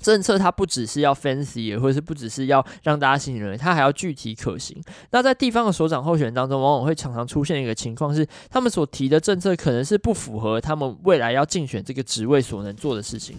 政策它不只是要 fancy，或者是不只是要讓大家信以為，它還要具體可行。那在地方的首長候選人當中，往往會常常出現一個情況是，他們所提的政策可能是不符合他們未來要競選這個職位所能做的事情。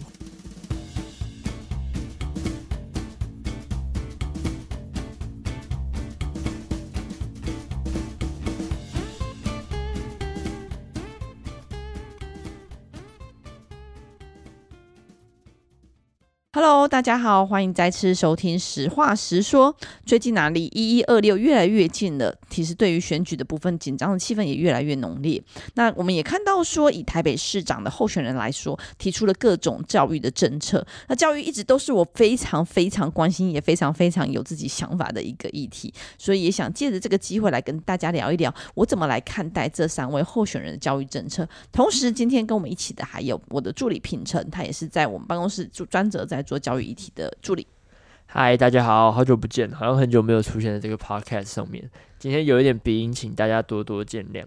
Hello，大家好，歡迎再次收聽《實話時說》。最近呢，離一一二六越來越近了，其實對於選舉的部分，緊張的氣氛也越來越濃烈。那我們也看到說，以台北市長的候選人來說，提出了各種教育的政策。那教育一直都是我非常非常關心，也非常非常有自己想法的一個議題，所以也想借着這個機會來跟大家聊一聊，我怎麼來看待這三位候選人的教育政策。同時，今天跟我們一起的還有我的助理品辰，他也是在我們辦公室做專責在做教育議題的助理。嗨，大家好，好久不見，好像很久沒有出現在這個 podcast 上面。今天有一點鼻音，請大家多多見諒。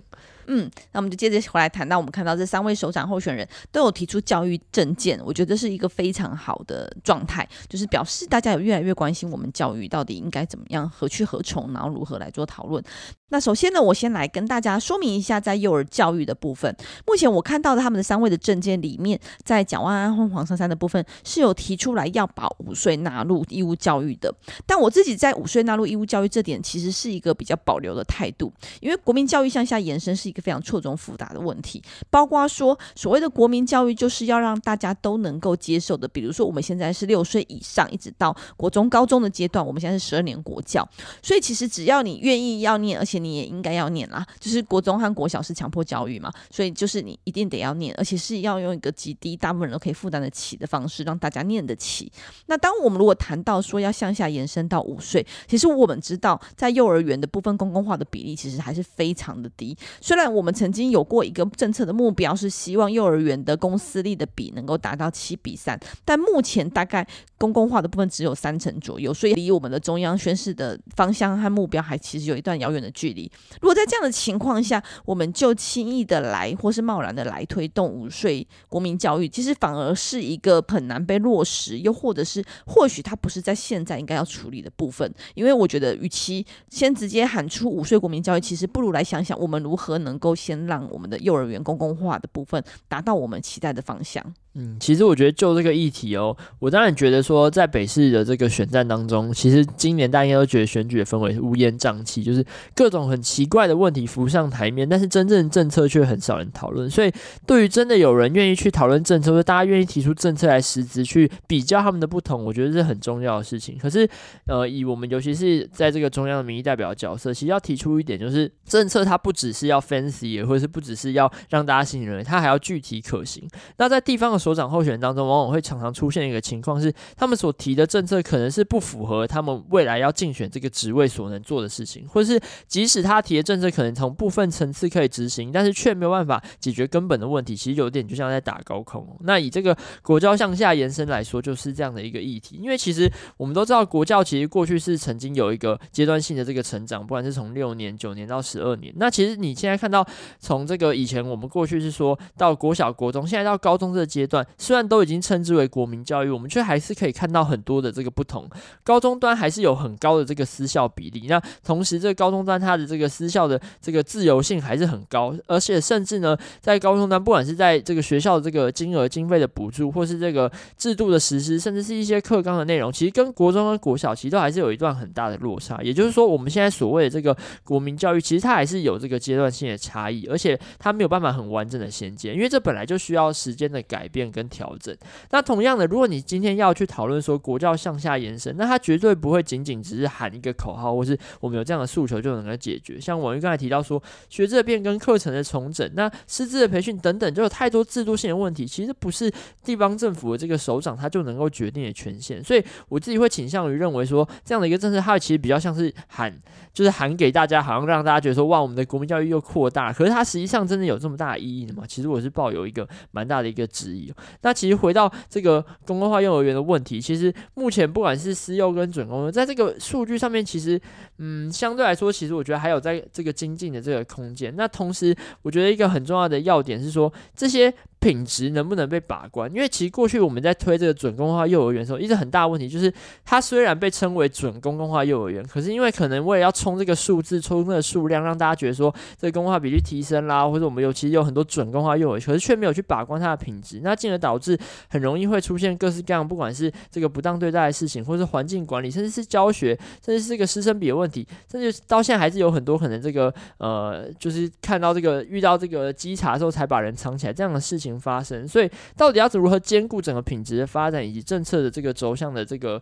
嗯，那我們就接着回來談到我們看到這三位首長候選人都有提出教育政見，我覺得是一個非常好的狀態，就是表示大家有越來越關心我們教育到底應該怎麼樣、何去何從，然後如何來做討論。那首先呢，我先來跟大家說明一下，在幼兒教育的部分，目前我看到的他們的三位的政見裡面，在蔣萬安和黃珊珊的部分，是有提出來要把五歲納入義務教育的。但我自己在五歲納入義務教育這點，其實是一個比較保留的態度，因為國民教育向下延伸是一個非常錯綜複雜的問題，包括說所謂的國民教育就是要讓大家都能夠接受的，比如說我們現在是六歲以上，一直到國中高中的階段，我們現在是十二年國教，所以其實只要你願意要念，而且你也應該要念啦，就是國中和國小是強迫教育嘛，所以就是你一定得要念，而且是要用一個極低，大部分人都可以負擔得起的方式，讓大家念得起。那當我們如果談到說要向下延伸到五歲，其實我們知道在幼兒園的部分公共化的比例其實還是非常的低。雖然我們曾經有過一個政策的目標是希望幼兒園的公私立的比能夠達到七比三，但目前大概公共化的部分只有三成左右，所以離我們的中央宣示的方向和目標還其實有一段遙遠的距離。距離，如果在這樣的情況下，我們就輕易的來，或是貿然的來推動五歲國民教育，其實反而是一個很難被落實，又或者是或許它不是在現在應該要處理的部分。因為我覺得，與其先直接喊出五歲國民教育，其實不如來想想我們如何能夠先讓我們的幼兒園公共化的部分達到我們期待的方向。嗯，其實我覺得就這個議題哦，我當然覺得說，在北市的這個選戰當中，其實今年大家應該都覺得選舉的氛圍是烏煙瘴氣，就是各種很奇怪的問題浮上台面，但是真正的政策卻很少人討論。所以，對於真的有人願意去討論政策，或者大家願意提出政策來實質去比較他們的不同，我覺得這是很重要的事情。可是，呃，以我們尤其是在這個中央的民意代表的角色，其實要提出一點，就是政策它不只是要 fancy，或者是不只是要讓大家信任，它還要具體可行。那在地方的時候。所長候選人當中，往往會常常出現一個情況是，他們所提的政策可能是不符合他們未來要競選這個職位所能做的事情，或是即使他提的政策可能從部分層次可以執行，但是卻沒有辦法解決根本的問題。其實有點就像在打高空、喔。那以這個國教向下延伸來說，就是這樣的一個議題。因為其實我們都知道，國教其實過去是曾經有一個階段性的這個成長，不管是從六年、九年到十二年。那其實你現在看到，從這個以前我們過去是說到國小、國中，現在到高中這個階段。雖然都已經稱之為國民教育，我們卻還是可以看到很多的這個不同。高中端還是有很高的這個私校比例，那同時這個高中端它的這個私校的這個自由性還是很高，而且甚至呢，在高中端，不管是在這個學校的這個金額經費的補助，或是這個制度的實施，甚至是一些課綱的內容，其實跟國中跟國小其實都還是有一段很大的落差。也就是說，我們現在所謂的這個國民教育，其實它還是有這個階段性的差異，而且它沒有辦法很完整的銜接，因為這本來就需要時間的改變跟調整。那同樣的，如果你今天要去討論說國教向下延伸，那他絕對不會僅僅只是喊一個口號，或是我們有這樣的訴求就能夠解決。像我們剛才提到說，學制變更、課程的重整、那師資的培訓等等，就有太多制度性的問題，其實不是地方政府的這個首長他就能夠決定的權限。所以我自己會傾向於認為說，這樣的一個政策，它其實比較像是喊，就是喊給大家，好像讓大家覺得說，哇，我們的國民教育又擴大。可是它實際上真的有這麼大的意義的嗎？其實我是抱有一個蠻大的一個質疑。那其實回到這個公共化幼兒園的問題，其實目前不管是私幼跟準公，在這個數據上面，其實嗯，相對來說，其實我覺得還有在這個精進的這個空間。那同時，我覺得一個很重要的要點是說，這些。品質能不能被把關？因為其實過去我們在推這個準公共化幼兒園的時候，一直很大問題就是，它雖然被稱為準公共化幼兒園，可是因為可能為了要衝這個數字、衝這個數量，讓大家覺得說，這個公共化比率提升啦，或者我們有其實有很多準公共化幼兒園，可是卻沒有去把關它的品質，那進而導致很容易會出現各式各樣，不管是這個不當對待的事情，或者是環境管理，甚至是教學，甚至是一個師生比的問題，甚至到現在還是有很多可能這個呃，就是看到這個遇到這個稽查的時候才把人藏起來這樣的事情。發生，所以到底要是如何兼顧整個品質的發展以及政策的這個軸向的這個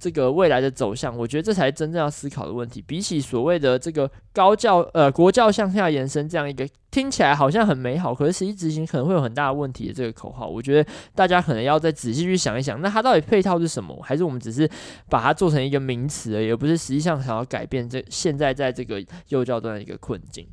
這個未來的走向？我覺得這才真正要思考的問題。比起所謂的這個高教呃國教向下延伸這樣一個聽起來好像很美好，可是實際執行可能會有很大的問題的這個口號，我覺得大家可能要再仔細去想一想，那它到底配套是什麼？還是我們只是把它做成一個名詞而已，而不是實際上想要改變這現在在這個幼教端的一個困境。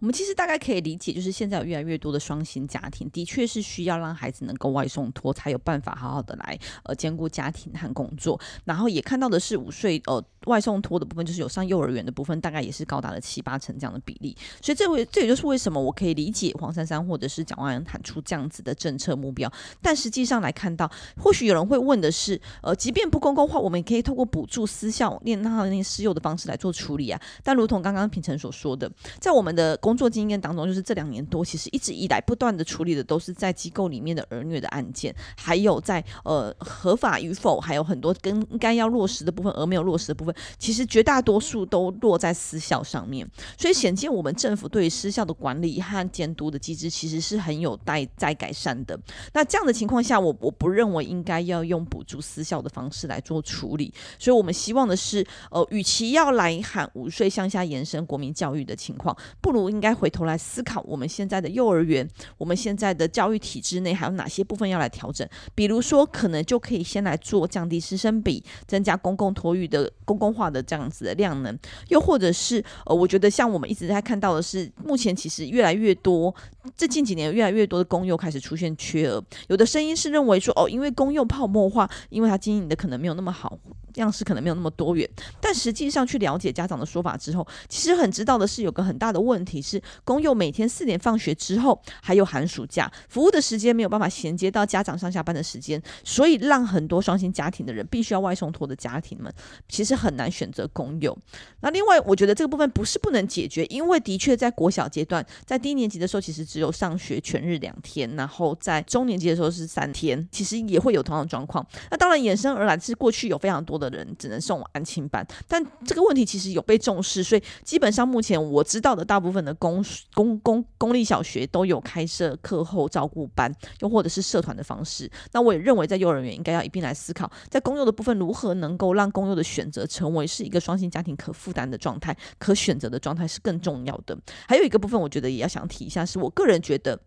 我們其實大概可以理解，就是現在有越來越多的雙薪家庭，的確是需要讓孩子能夠外送托，才有辦法好好的來呃兼顧家庭和工作。然後也看到的是，五歲呃外送托的部分，就是有上幼兒園的部分，大概也是高達了七八成這樣的比例。所以這位這也就是為什麼我可以理解黃珊珊或者是蔣萬安喊出這樣子的政策目標。但實際上來看到，或許有人會問的是，呃，即便不公共化，我們也可以透過補助私校練那那私幼的方式來做處理啊。但如同剛剛品辰所說的，在我們的工作經驗當中，就是這兩年多，其實一直以來不斷的處理的都是在機構裡面的兒虐的案件，還有在呃合法與否，還有很多跟應該要落實的部分而沒有落實的部分，其實絕大多數都落在私校上面，所以顯見我們政府對於私校的管理和監督的機制其實是很有待再改善的。那這樣的情況下，我我不認為應該要用補助私校的方式來做處理，所以我們希望的是，呃，與其要來喊五歲向下延伸國民教育的情況，不如。應該回頭來思考我們現在的幼兒園，我們現在的教育體制內還有哪些部分要來調整？比如說，可能就可以先來做降低師生比，增加公共托育的公共化的這樣子的量能。又或者是，呃，我覺得像我們一直在看到的是，目前其實越來越多，這近幾年越來越多的公幼開始出現缺額。有的聲音是認為說，哦，因為公幼泡沫化，因為它經營的可能沒有那麼好，樣式可能沒有那麼多元。但實際上去了解家長的說法之後，其實很知道的是，有個很大的問題。是公幼每天四點放學之後還有寒暑假，服務的時間沒有辦法銜接到家長上下班的時間，所以讓很多雙薪家庭的人必須要外送托的家庭們，其實很難選擇公幼。那另外，我覺得這個部分不是不能解決，因為的確在國小階段，在低年級的時候，其實只有上學全日兩天，然後在中年級的時候是三天，其實也會有同樣的狀況。那當然衍生而來是過去有非常多的人只能送我安親班，但這個問題其實有被重視，所以基本上目前我知道的大部分的。公公公公立小學都有開設課後照顧班，又或者是社團的方式。那我也認為，在幼兒園應該要一併來思考，在公幼的部分如何能夠讓公幼的選擇成為是一個雙薪家庭可負擔的狀態、可選擇的狀態是更重要的。還有一個部分，我覺得也要想提一下，是我個人覺得。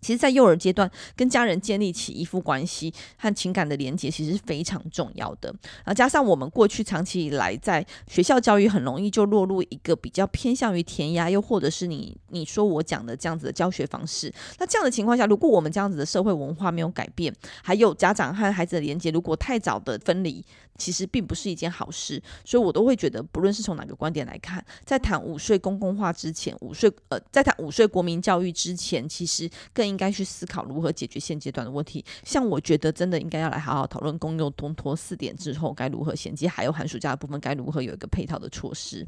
其實，在幼兒階段，跟家人建立起依附關係和情感的連接，其實是非常重要的。啊，加上我們過去長期以來在學校教育很容易就落入一個比較偏向於填鴨，又或者是你你說我講的這樣子的教學方式。那這樣的情況下，如果我們這樣子的社會文化沒有改變，還有家長和孩子的連接，如果太早的分離，其實並不是一件好事。所以我都會覺得，不論是從哪個觀點來看，在談五歲公共化之前，五歲呃，在談五歲國民教育之前，其實更。應該去思考如何解決現階段的問題。像我覺得，真的應該要來好好討論公用托四點之後該如何銜接，還有寒暑假的部分該如何有一個配套的措施。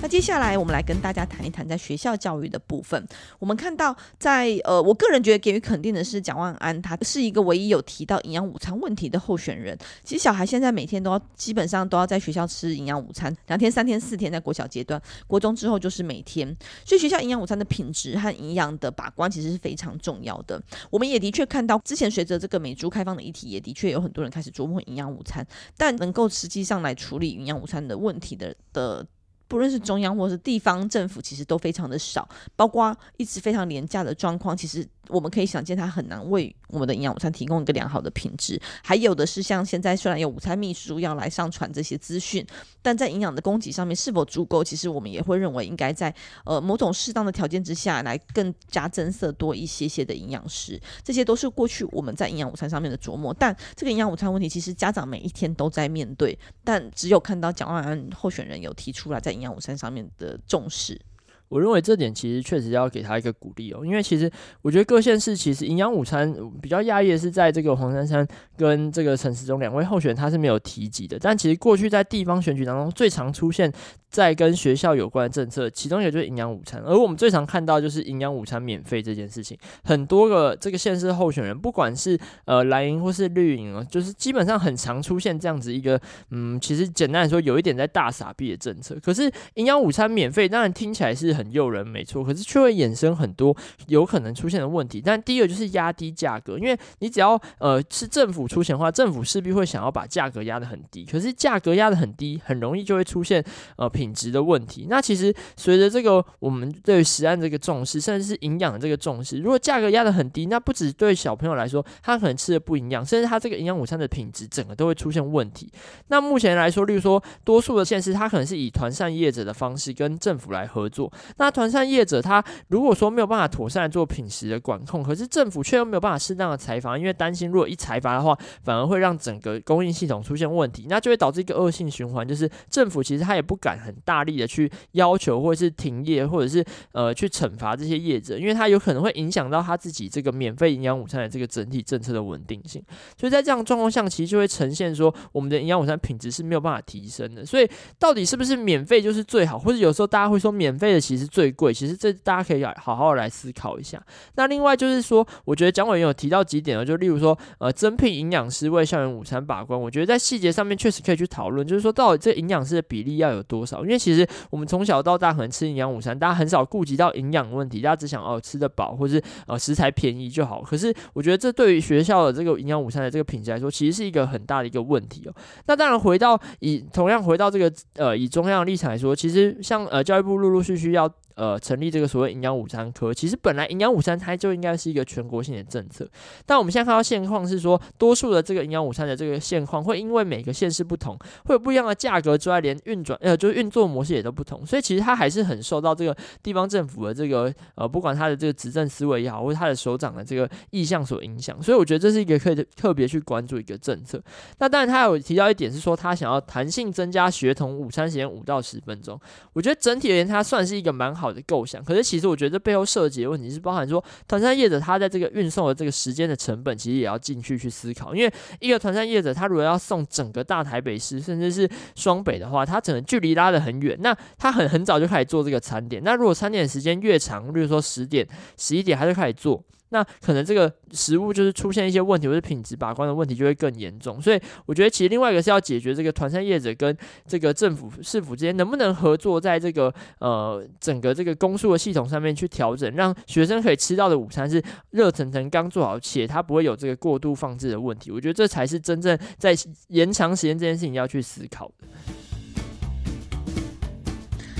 那接下來我們來跟大家談一談在學校教育的部分。我們看到在，在呃，我個人覺得給予肯定的是蔣萬安，他是一個唯一有提到營養午餐問題的候選人。其實小孩現在每天都要，基本上都要在學校吃營養午餐，兩天、三天、四天，在國小階段，國中之後就是每天。所以學校營養午餐的品質和營養的把關，其實是非常重要的。我們也的確看到，之前隨着這個美豬開放的議題，也的確有很多人開始琢磨營養午餐，但能夠實際上來處理營養午餐的問題的的。不論是中央或是地方政府，其實都非常的少，包括一直非常廉價的狀況，其實。我們可以想見，它很難為我們的營養午餐提供一個良好的品質。還有的是，像現在雖然有午餐秘書要來上傳這些資訊，但在營養的供給上面是否足夠？其實我們也會認為應該在呃某種適當的條件之下來更加增色多一些些的營養師。這些都是過去我們在營養午餐上面的琢磨。但這個營養午餐問題，其實家長每一天都在面對。但只有看到蔣萬安候選人有提出來，在營養午餐上面的重視。我認為這點其實確實要給他一個鼓勵哦，因為其實我覺得各縣市其實營養午餐比較訝異的是，在這個黃珊珊跟這個陳時中兩位候選人他是沒有提及的，但其實過去在地方選舉當中最常出現。在跟學校有關的政策，其中一個就是營養午餐，而我們最常看到就是營養午餐免費這件事情。很多個這個縣市候選人，不管是呃藍營或是綠營啊，就是基本上很常出現這樣子一個，嗯，其實簡單來說，有一點在大撒幣的政策。可是營養午餐免費當然聽起來是很誘人，沒錯，可是卻會衍生很多有可能出現的問題。但第一個就是壓低價格，因為你只要呃是政府出錢的話，政府勢必會想要把價格壓得很低。可是價格壓得很低，很容易就會出現呃品質的問題，那其實隨着這個我們對食安這個重視，甚至是營養的這個重視，如果價格壓得很低，那不止對小朋友來說，他可能吃的不營養，甚至他這個營養午餐的品質整個都會出現問題。那目前來說，例如說，多數的縣市，他可能是以團膳業者的方式跟政府來合作。那團膳業者他如果說沒有辦法妥善做品食的管控，可是政府卻又沒有辦法適當的裁罰，因為擔心如果一裁罰的話，反而會讓整個供應系統出現問題，那就會導致一個惡性循環，就是政府其實他也不敢。很大力的去要求，或者是停業，或者是呃去懲罰這些業者，因為他有可能會影響到他自己這個免費營養午餐的這個整體政策的穩定性。所以在這樣的狀況下，其實就會呈現說，我們的營養午餐品質是沒有辦法提升的。所以到底是不是免費就是最好，或者有時候大家會說免費的其實最貴，其實這大家可以好好來思考一下。那另外就是說，我覺得蔣委員有提到幾點呢？就例如說，呃，增聘營養師為校園午餐把關，我覺得在細節上面確實可以去討論，就是說到底這營養師的比例要有多少。因為其實我們從小到大可能吃營養午餐，大家很少顧及到營養問題，大家只想要，哦，吃得飽，或者是呃食材便宜就好。可是我覺得這對於學校的這個營養午餐的這個品質來說，其實是一個很大的一個問題哦。那當然回到以同樣回到這個呃以中央的立場來說，其實像呃教育部陸陸續續要。呃，成立這個所謂營養午餐科，其實本來營養午餐它就應該是一個全國性的政策，但我們現在看到現況是說，多數的這個營養午餐的這個現況會因為每個縣市不同，會有不一樣的價格之外，連運轉呃就是運作模式也都不同，所以其實它還是很受到這個地方政府的這個呃不管它的這個執政思維也好，或者它的首長的這個意向所影響，所以我覺得這是一個可以特別去關注一個政策。那當然他有提到一點是說，他想要彈性增加學童午餐時間五到十分鐘，我覺得整體而言，它算是一個蠻好。構想，可是其實我覺得這背後涉及的問題是包含說，團餐業者他在這個運送的這個時間的成本，其實也要進去去思考。因為一個團餐業者，他如果要送整個大台北市，甚至是雙北的話，他整個距離拉的很遠，那他很很早就開始做這個餐點。那如果餐點的時間越長，例如說十點、十一點，他就開始做。那可能這個食物就是出現一些問題，或者品質把關的問題就會更嚴重。所以我覺得，其實另外一個是要解決這個團餐業者跟這個政府市府之間能不能合作，在這個呃整個這個供輸的系統上面去調整，讓學生可以吃到的午餐是熱騰騰剛做好，且它不會有這個過度放置的問題。我覺得這才是真正在延長時間這件事情要去思考的。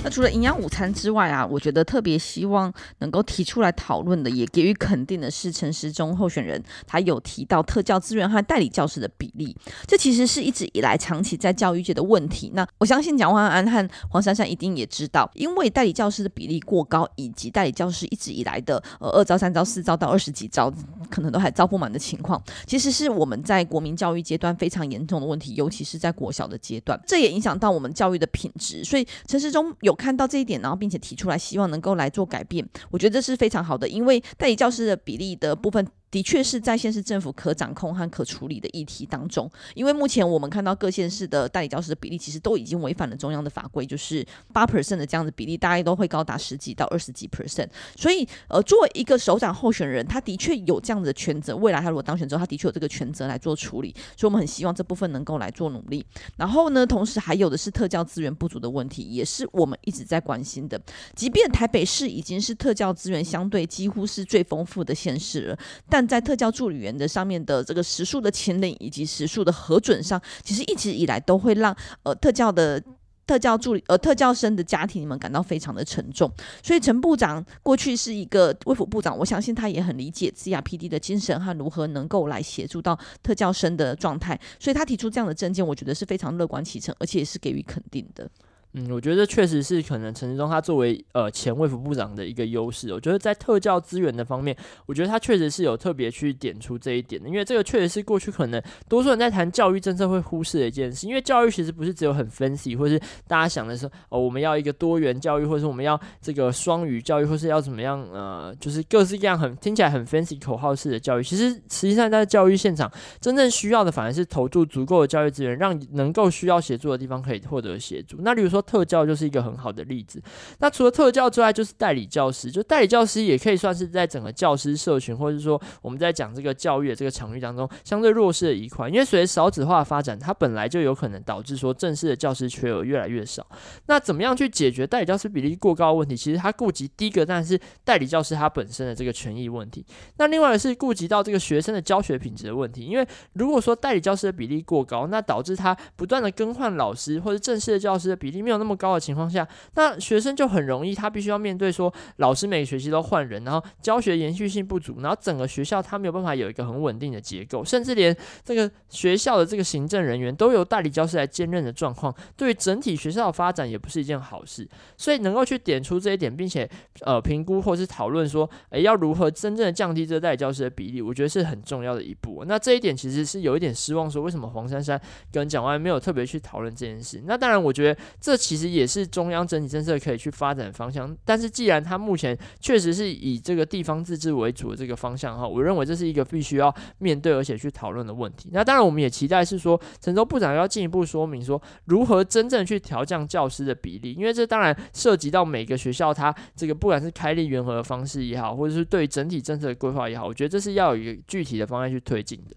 那除了營養午餐之外啊，我覺得特別希望能夠提出來討論的，也給予肯定的是，陳時中候選人他有提到特教資源和代理教師的比例，這其實是一直以來長期在教育界的問題。那我相信蔣萬安和黃珊珊一定也知道，因為代理教師的比例過高，以及代理教師一直以來的呃二招、三招、四招到二十幾招，可能都還招不滿的情況，其實是我們在國民教育階段非常嚴重的問題，尤其是在國小的階段，這也影響到我們教育的品質。所以陳時中有，看到這一點，然後並且提出來，希望能夠來做改變，我覺得這是非常好的，因為代理教師的比例的部分，的確是，在縣市政府可掌控和可處理的議題當中，因為目前我們看到各縣市的代理教師的比例，其實都已經違反了中央的法規，就是八 percent 的這樣的比例，大概都會高達十幾到二十幾 percent。所以，呃，作為一個首長候選人，他的確有這樣的權責。未來他如果當選之後，他的確有這個權責來做處理。所以我們很希望這部分能夠來做努力。然後呢，同時還有的是特教資源不足的問題，也是我們一直在關心的。即便台北市已經是特教資源相對幾乎是最豐富的縣市了，但但在特教助理員的上面的這個時數的請領以及時數的核准上，其實一直以來都會讓呃特教的特教助理呃特教生的家庭們感到非常的沉重。所以陳部長過去是一個衛福部長，我相信他也很理解 CRPD 的精神和如何能夠來協助到特教生的狀態。所以他提出這樣的政見，我覺得是非常樂觀其成，而且也是給予肯定的。嗯，我覺得這確實是可能陳時中他作為呃前衛福部長的一個優勢哦，我覺得在特教資源的方面，我覺得他確實是有特別去點出這一點的，因為這個確實是過去可能多數人在談教育政策會忽視的一件事，因為教育其實不是只有很 fancy，或是大家想的是哦，我們要一個多元教育，或者是我們要這個雙語教育，或是要怎麼樣，呃，就是各式各樣很聽起來很 fancy 口號式的教育，其實實際上在教育現場真正需要的反而是投注足夠的教育資源，讓能夠需要協助的地方可以獲得協助。那比如說。特教就是一個很好的例子。那除了特教之外，就是代理教師。就代理教師也可以算是在整個教師社群，或者說我們在講這個教育的這個場域當中相對弱勢的一塊。因為隨着少子化發展，它本來就有可能導致說正式的教師缺額越來越少。那怎麼樣去解決代理教師比例過高的問題？其實它顧及第一個，但是代理教師他本身的這個權益問題。那另外的是顧及到這個學生的教學品質的問題。因為如果說代理教師的比例過高，那導致他不斷的更換老師或者正式的教師的比例。沒有那麼高的情況下，那學生就很容易，他必須要面對說，老師每個學期都換人，然後教學延續性不足，然後整個學校他沒有辦法有一個很穩定的結構，甚至連這個學校的這個行政人員都由代理教師來兼任的狀況，對於整體學校的發展也不是一件好事。所以能夠去點出這一點，並且呃評估或是討論說，哎，要如何真正的降低這個代理教師的比例，我覺得是很重要的一步。那這一點其實是有一點失望，說為什麼黃珊珊跟蔣萬安沒有特別去討論這件事？那當然，我覺得這。其實也是中央整體政策可以去發展的方向，但是既然它目前確實是以這個地方自治為主的這個方向哈，我認為這是一個必須要面對而且去討論的問題。那當然我們也期待是說，陳時中部長要進一步說明說如何真正去調降教師的比例，因為這當然涉及到每個學校它這個不管是開立員合的方式也好，或者是對整體政策的規劃也好，我覺得這是要有一個具體的方案去推進的。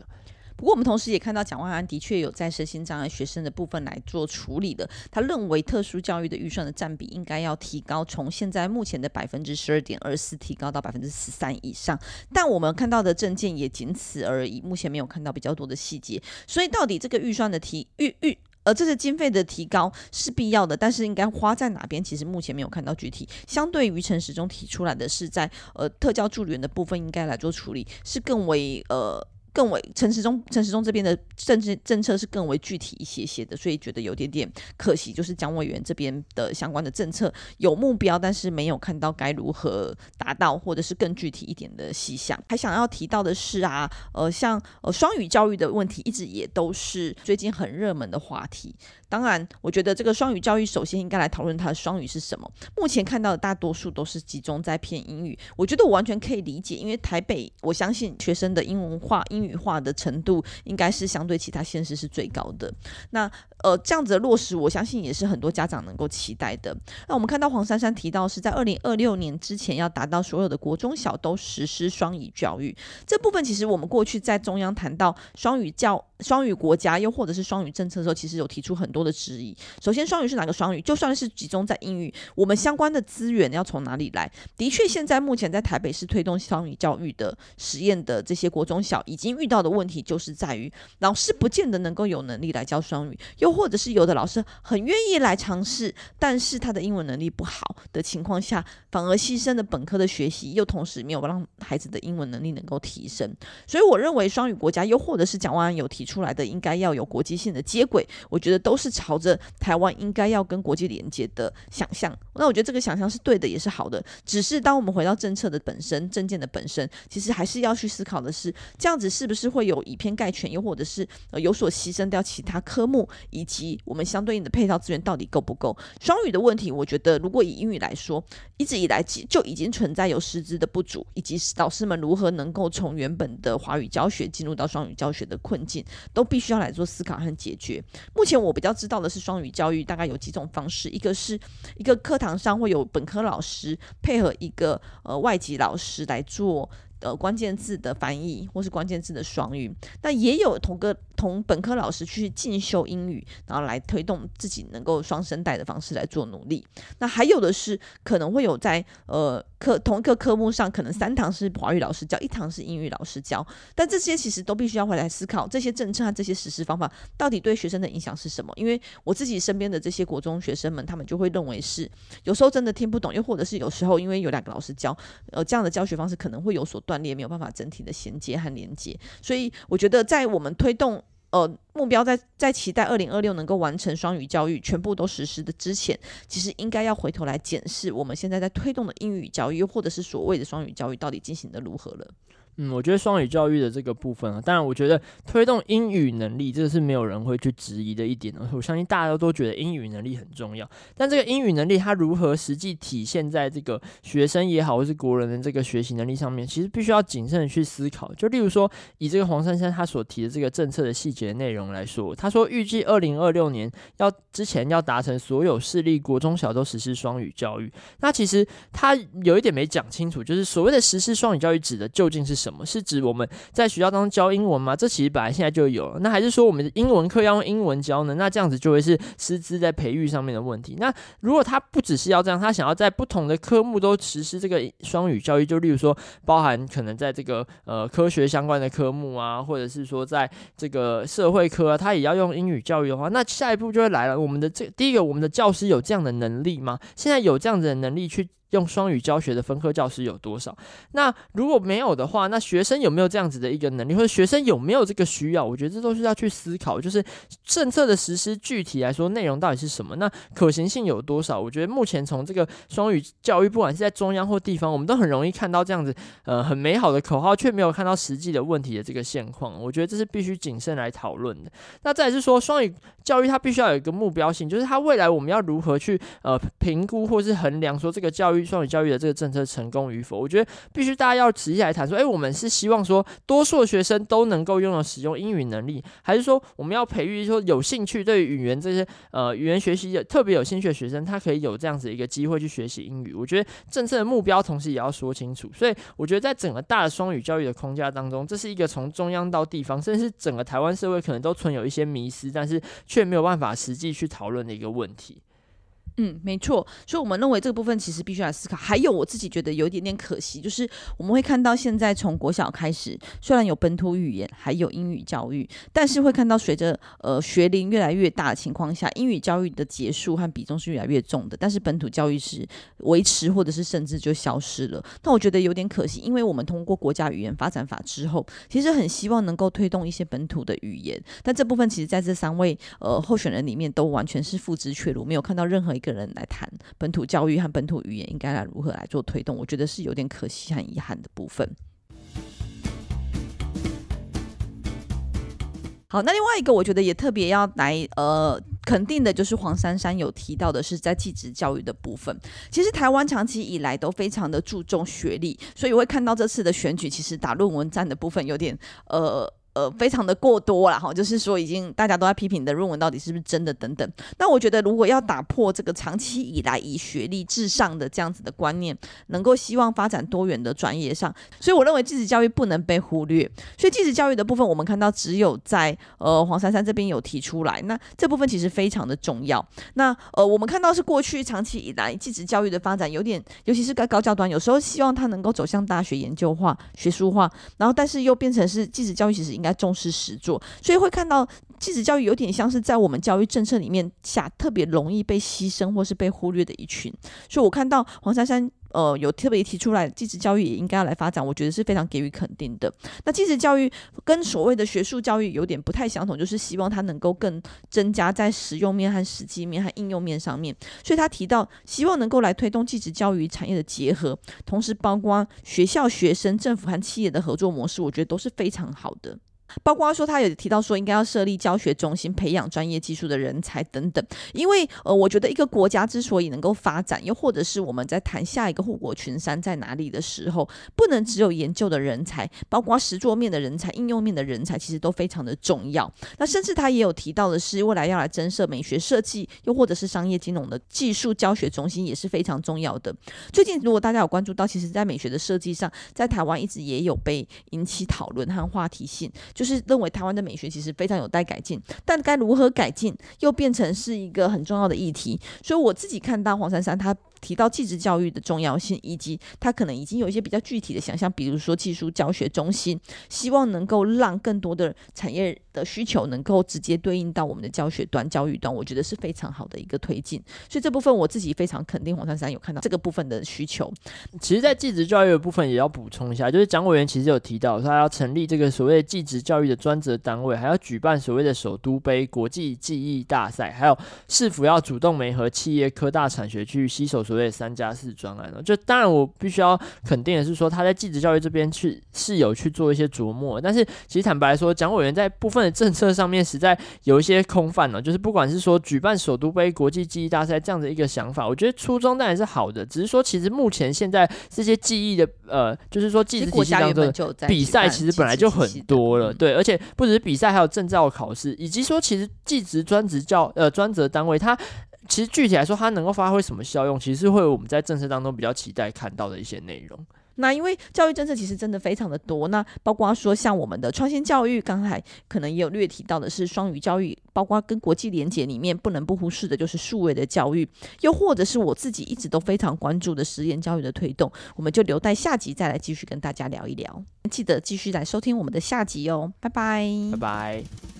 不過，我們同時也看到，蔣萬安的確有在身心障礙學生的部分來做處理的。他認為，特殊教育的預算的占比應該要提高，從現在目前的百分之十二點二四提高到百分之十三以上。但我們看到的政見也僅此而已，目前沒有看到比較多的細節。所以，到底這個預算的提預預呃，這些、個、經費的提高是必要的，但是應該花在哪邊，其實目前沒有看到具體。相對於陳時中提出來的是在，在呃特教助理員的部分應該來做處理，是更為呃。更為陳時中，陳時中這邊的政治政策是更為具體一些些的，所以覺得有點點可惜。就是蔣委員這邊的相關的政策有目標，但是沒有看到該如何達到，或者是更具體一點的細項。還想要提到的是啊，呃，像呃雙語教育的問題，一直也都是最近很熱門的話題。當然，我覺得這個雙語教育首先應該來討論它的雙語是什麼。目前看到的大多數都是集中在偏英語，我覺得我完全可以理解，因為台北我相信學生的英文化語化的程度應該是相對其他縣市是最高的。那呃，這樣子的落實，我相信也是很多家長能夠期待的。那我們看到黃珊珊提到，是在二零二六年之前要達到所有的國中小都實施雙語教育。這部分其實我們過去在中央談到雙語教、雙語國家，又或者是雙語政策的時候，其實有提出很多的質疑。首先，雙語是哪個雙語？就算是集中在英語，我們相關的資源要從哪裡來？的確，現在目前在台北市推動雙語教育的實驗的這些國中小已經。遇到的問題就是在於老師不見得能夠有能力來教雙語，又或者是有的老師很願意來嘗試，但是他的英文能力不好的情況下，反而犧牲了本科的學習，又同時沒有讓孩子的英文能力能夠提升。所以，我認為雙語國家，又或者是蔣萬安有提出來的，應該要有國際性的接軌，我覺得都是朝着台灣應該要跟國際連接的想象。那我覺得這個想象是對的，也是好的。只是當我們回到政策的本身、政見的本身，其實還是要去思考的是，這樣子。是不是會有以偏概全，又或者是呃有所犧牲掉其他科目，以及我們相對應的配套資源到底夠不夠？雙語的問題，我覺得如果以英語來說，一直以來就就已經存在有師資的不足，以及老師們如何能夠從原本的華語教學進入到雙語教學的困境，都必須要來做思考和解決。目前我比較知道的是，雙語教育大概有幾種方式，一個是一個課堂上會有本科老師配合一個呃外籍老師來做。呃，關鍵字的翻譯，或是關鍵字的雙語，那也有同個同本科老師去進修英語，然後來推動自己能夠雙聲帶的方式來做努力。那還有的是，可能會有在呃科同一個科目上，可能三堂是華語老師教，一堂是英語老師教。但這些其實都必須要回來思考這些政策啊，這些實施方法到底對學生的影響是什麼？因為我自己身邊的這些國中學生們，他們就會認為是有時候真的聽不懂，又或者是有時候因為有兩個老師教，呃，這樣的教學方式可能會有所。斷裂，也沒有辦法整體的銜接和連接，所以我覺得在我們推動呃，目標在在期待二零二六能夠完成雙語教育全部都實施的之前，其實應該要回頭來檢視我們現在在推動的英語教育，或者是所謂的雙語教育到底進行得如何了。嗯，我覺得雙語教育的這個部分啊，當然，我覺得推動英語能力，這個是沒有人會去質疑的一點，哦，而我相信大家都覺得英語能力很重要。但這個英語能力它如何實際體現在這個學生也好，或是國人的這個學習能力上面，其實必須要謹慎的去思考。就例如說，以這個黃珊珊她所提的這個政策的細節的內容來說，她說預計二零二六年要之前要達成所有市立國中小都實施雙語教育。那其實他有一點沒講清楚，就是所謂的實施雙語教育指的究竟是什麼？是指我們在學校當中教英文嗎？這其實本來現在就有了。那還是說我們的英文課要用英文教呢？那這樣子就會是師資在培育上面的問題。那如果他不只是要這樣，他想要在不同的科目都實施這個雙語教育，就例如說包含可能在這個呃科學相關的科目啊，或者是說在這個社會科啊，他也要用英語教育的話，那下一步就會來了。我們的這第一個，我們的教師有這樣的能力嗎？現在有這樣的能力去？用雙語教學的分科教師有多少？那如果沒有的話，那學生有沒有這樣子的一個能力，或者學生有沒有這個需要？我覺得這都是要去思考，就是政策的實施，具體來說，內容到底是什麼？那可行性有多少？我覺得目前從這個雙語教育，不管是在中央或地方，我們都很容易看到這樣子，呃，很美好的口號，卻沒有看到實際的問題的這個現況。我覺得這是必須謹慎來討論的。那再來是說，雙語教育它必須要有一個目標性，就是它未來我們要如何去呃評估或是衡量說這個教育，雙語教育的這個政策成功與否，我覺得必須大家要直接來談說，誒、欸，我們是希望說多數學生都能夠擁有使用英語能力，還是說我們要培育說有興趣對語言這些呃語言學習有特別有興趣的學生，他可以有這樣子一個機會去學習英語？我覺得政策的目標同時也要說清楚。所以我覺得在整個大的雙語教育的框架當中，這是一個從中央到地方，甚至整個台灣社會可能都存有一些迷思，但是卻沒有辦法實際去討論的一個問題。嗯，沒錯，所以我們認為這個部分其實必須來思考。還有我自己覺得有一點點可惜，就是我們會看到現在從國小開始，雖然有本土語言，還有英語教育，但是會看到隨着呃學齡越來越大的情況下，英語教育的結束和比重是越來越重的，但是本土教育是維持或者是甚至就消失了。那我覺得有點可惜，因為我們通過國家語言發展法之後，其實很希望能夠推動一些本土的語言，但這部分其實在這三位呃候選人裡面都完全是付之闕如，沒有看到任何一。一個人來談本土教育和本土語言應該來如何來做推動，我覺得是有點可惜和遺憾的部分。好，那另外一個我覺得也特別要來呃肯定的就是黃珊珊有提到的是在技職教育的部分，其實台灣長期以來都非常的注重學歷，所以我會看到這次的選舉其實打論文戰的部分有點呃。呃，非常的過多了哈，就是說已經大家都在批評你的論文到底是不是真的等等。那我覺得如果要打破這個長期以來以學歷至上的這樣子的觀念，能夠希望發展多元的專業上，所以我認為技職教育不能被忽略。所以技職教育的部分，我們看到只有在呃黃珊珊這邊有提出來，那這部分其實非常的重要。那呃，我們看到是過去長期以來技職教育的發展有點，尤其是在高教端，有時候希望它能夠走向大學研究化、學術化，然後但是又變成是技職教育其實。應該重視實作，所以會看到技職教育有點像是在我們教育政策裡面下特別容易被犧牲，或是被忽略的一群。所以我看到黃珊珊呃有特別提出來，技職教育也應該要來發展，我覺得是非常給予肯定的。那技職教育跟所謂的學術教育有點不太相同，就是希望它能夠更增加在實用面和實際面和應用面上面。所以他提到希望能夠來推動技職教育產業的結合，同時包括學校、學生、政府和企業的合作模式，我覺得都是非常好的。包括說他有提到說應該要設立教學中心，培養專業技術的人才等等。因為呃，我覺得一個國家之所以能夠發展，又或者是我們在談下一個護國群山在哪裡的時候，不能只有研究的人才，包括實作面的人才、應用面的人才，其實都非常的重要。那甚至他也有提到的是，未來要來增設美學設計，又或者是商業金融的技術教學中心也是非常重要的。最近如果大家有關注到，其實，在美學的設計上，在台灣一直也有被引起討論和話題性。就是認為台灣的美學其實非常有待改進，但該如何改進又變成是一個很重要的議題。所以我自己看到黃珊珊她提到技職教育的重要性，以及他可能已經有一些比較具體的想象，比如說技術教學中心，希望能夠讓更多的產業的需求能夠直接對應到我們的教學端、教育端，我覺得是非常好的一個推進。所以這部分我自己非常肯定，黃珊珊有看到這個部分的需求。其實，在技職教育的部分，也要補充一下，就是蔣委員其實有提到說，他要成立這個所謂的技職教育的專責單位，還要舉辦所謂的首都杯國際技藝大賽，還有是否要主動媒合企業、科大、產學去攜手所謂三加四專案、喔，就當然我必須要肯定的是說，他在技職教育這邊去是有去做一些琢磨。但是其實坦白說，蔣委員在部分的政策上面實在有一些空泛了、喔。就是不管是說舉辦首都杯國際技藝大賽這樣的一個想法，我覺得初衷當然是好的，只是說其實目前現在這些技藝的呃，就是說技職體系當中的比賽其實本來就很多了，對，而且不只是比賽，還有證照考試，以及說其實技職專職教呃專職單位他。其實具體來說，它能夠發揮什麼效用，其實會有我們在政策當中比較期待看到的一些內容。那因為教育政策其實真的非常的多，那包括說像我們的創新教育，剛才可能也有略提到的是雙語教育，包括跟國際聯結裡面不能不忽視的就是數位的教育，又或者是我自己一直都非常關注的實驗教育的推動，我們就留待下集再來繼續跟大家聊一聊。記得繼續來收聽我們的下集哦，拜拜，拜拜。